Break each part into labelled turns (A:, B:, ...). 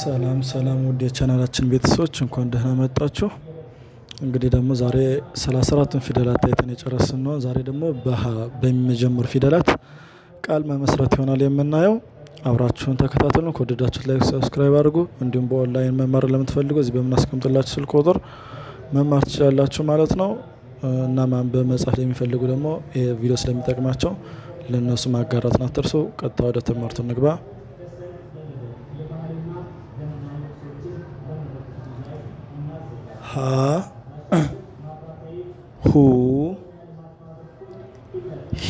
A: ሰላም ሰላም ውድ የቻናላችን ቤተሰቦች እንኳን ደህና መጣችሁ። እንግዲህ ደግሞ ዛሬ ሰላሳ አራቱን ፊደላት አይተን የጨረስን ነው። ዛሬ ደግሞ በሀ በሚጀምሩ ፊደላት ቃል መመስረት ይሆናል የምናየው። አብራችሁን ተከታተሉ። ከወደዳችሁት ላይክ፣ ሰብስክራይብ አድርጉ። እንዲሁም በኦንላይን መማር ለምትፈልጉ እዚህ በምናስቀምጥላችሁ ስልክ ቁጥር መማር ትችላላችሁ ማለት ነው እና ማንበብ መጻፍ የሚፈልጉ ደግሞ ቪዲዮ ስለሚጠቅማቸው ለእነሱ ማጋራትን አትርሱ። ቀጥታ ወደ ትምህርቱ ንግባ። ሀ ሁ ሂ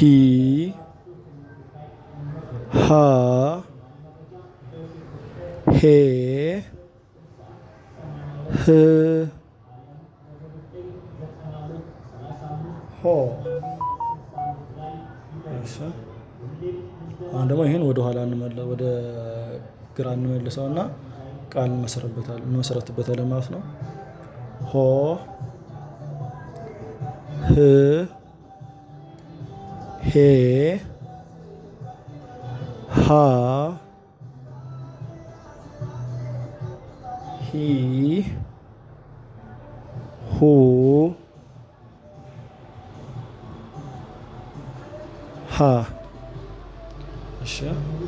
A: ሃ ሄ ህ ሆ። አሁን ደግሞ ይህን ወደ ኋላ ወደ ግራ እና ቃል እንመሰረትበታለን ማለት ነው። ሆ ህ ሄ ሃ ሂ ሁ ሀ። እሺ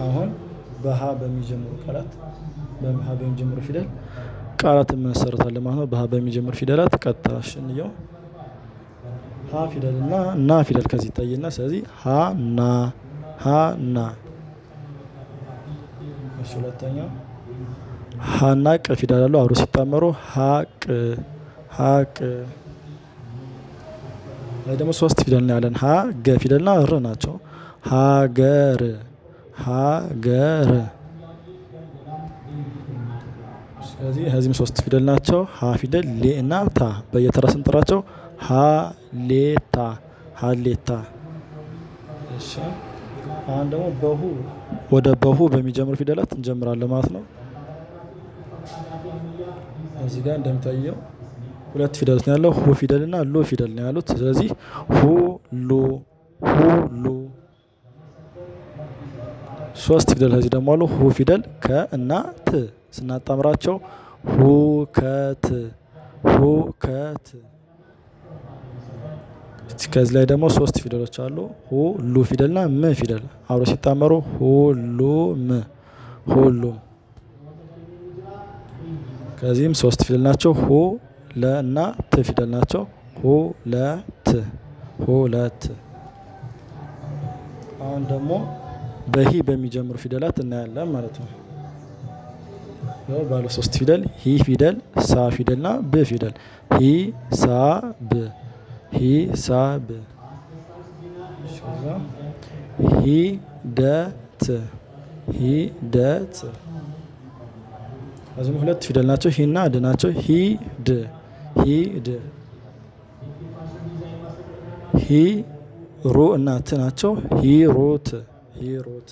A: አሁን በሀ በሚጀምሩ ቃላት በሀ በሚጀምሩ ፊደል ቃላት እንመሰርታለን ማለት ነው። በሀ በሚጀምር ፊደላት ቀጥታ አሸንየው ሀ ፊደል እና ና ፊደል ከዚህ ይታየና፣ ስለዚህ ሀ ና ሀ ና። እሺ ሁለተኛው ሀና ቅ ፊደል አለው አብሮ ሲጣመሩ ሀ ቅ ሀ ቅ ላይ ደግሞ ሶስት ፊደል ነው ያለን። ሀ ገ ፊደልና ር ናቸው። ሀገር ሀገር ስለዚህ እነዚህም ሶስት ፊደል ናቸው። ሀ ፊደል ሌ እና ታ በየተራ ስንጠራቸው ሀ ሌታ ሀሌታ። አሁን ደግሞ በሁ ወደ በሁ በሚጀምሩ ፊደላት እንጀምራለን ማለት ነው። እዚህ ጋር እንደሚታየው ሁለት ፊደሎች ነው ያለው። ሁ ፊደል እና ሉ ፊደል ነው ያሉት። ስለዚህ ሁ ሉ ሁ ሉ። ሶስት ፊደል ከዚህ ደግሞ አሉ። ሁ ፊደል ከእና ት ስናጣምራቸው ሁከት ሁከት። ከዚህ ላይ ደግሞ ሶስት ፊደሎች አሉ። ሁሉ ፊደልና ም ፊደል አብሮ ሲጣመሩ ሁሉም ሁሉም። ከዚህም ሶስት ፊደል ናቸው። ሁ ለ እና ት ፊደል ናቸው። ሁለት ሁለት። አሁን ደግሞ በሂ በሚጀምሩ ፊደላት እናያለን ማለት ነው። ባለ ሶስት ፊደል ሂ ፊደል ሳ ፊደልና ብ ፊደል ሂ ሳ ብ ሂ ሳ ብ ሂደት ሂደት እዚህም ሁለት ፊደል ናቸው። ሂና ድ ናቸው። ሂ ሂድ ሂ ሩ እና ት ናቸው። ሂሩት ሂሩት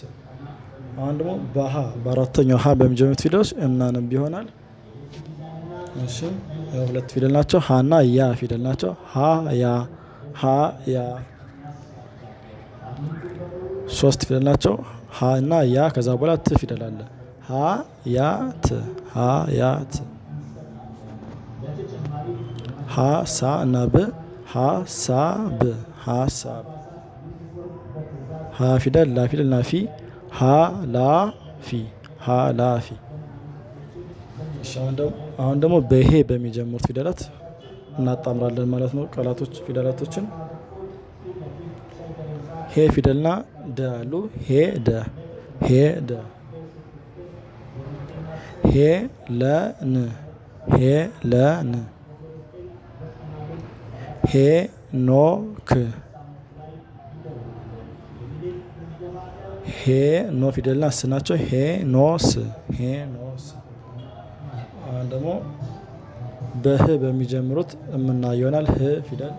A: አሁን ደግሞ በሀ በአራተኛው ሀ በሚጀምሩት ፊደሎች እናንም ይሆናል። እሺ ሁለት ፊደል ናቸው። ሀና ያ ፊደል ናቸው። ሀ ያ ሀ ያ ሶስት ፊደል ናቸው። ሀ እና ያ ከዛ በኋላ ት ፊደል አለ። ሀ ያ ት ሀ ያ ት ሀ ሳ እና ብ ሀ ሳ ብ ሀ ሳ ሀ ፊደል ላ ፊደል ናፊ ሀላፊ ሀላፊ። አሁን ደግሞ በሄ በሚጀምሩት ፊደላት እናጣምራለን ማለት ነው። ቃላቶች ፊደላቶችን ሄ ፊደልና ደ አሉ። ሄ ደ ሄ ደ ሄ ለን ሄ ለን ሄ ኖክ ሄ ኖ ፊደልና ስ ናቸው። ሄ ኖ ሄ ኖ አሁን ደግሞ በህ በሚጀምሩት የምናየው ይሆናል። ህ ፊደል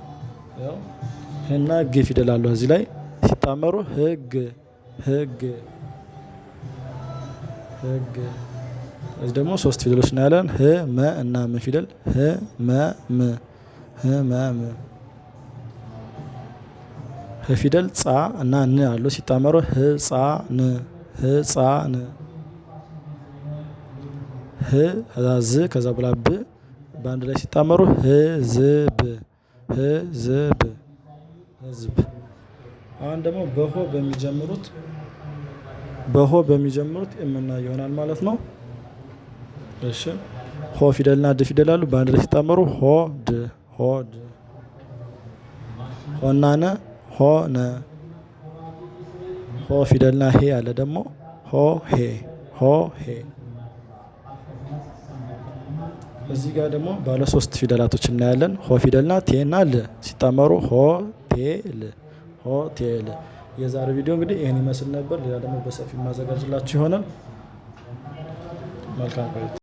A: እና ግ ፊደል አለው እዚህ ላይ ሲጣመሩ ህግ ህግ ህግ። እዚህ ደግሞ ሶስት ፊደሎች እናያለን። ህ መ እና ም ፊደል ህ መ ም ህ መ ም ህፊደል ጻ እና ን አሉ ሲጣመሩ ህጻን ህጻን ህ ከዛ ዝ ከዛ በኋላ ብ በአንድ ላይ ሲጣመሩ ህዝብ ህዝብ ህዝብ። አሁን ደግሞ በሆ በሚጀምሩት በሆ በሚጀምሩት እምና ይሆናል ማለት ነው። እሺ ሆ ፊደልና ድ ፊደል አሉ። በአንድ ላይ ሲጣመሩ ሆድ ሆድ ሆናነ ሆነ ሆ ፊደልና ሄ ያለ ደግሞ ሆ ሄ ሆ ሄ። እዚህ ጋር ደግሞ ባለ ሶስት ፊደላቶች እናያለን። ሆ ፊደልና ቴና ል ሲጣመሩ ሆ ቴ ሆ ቴ የዛሬ ቪዲዮ እንግዲህ ይህን ይመስል ነበር። ሌላ ደግሞ በሰፊ ማዘጋጅላችሁ ይሆናል። መልካም ቆይታ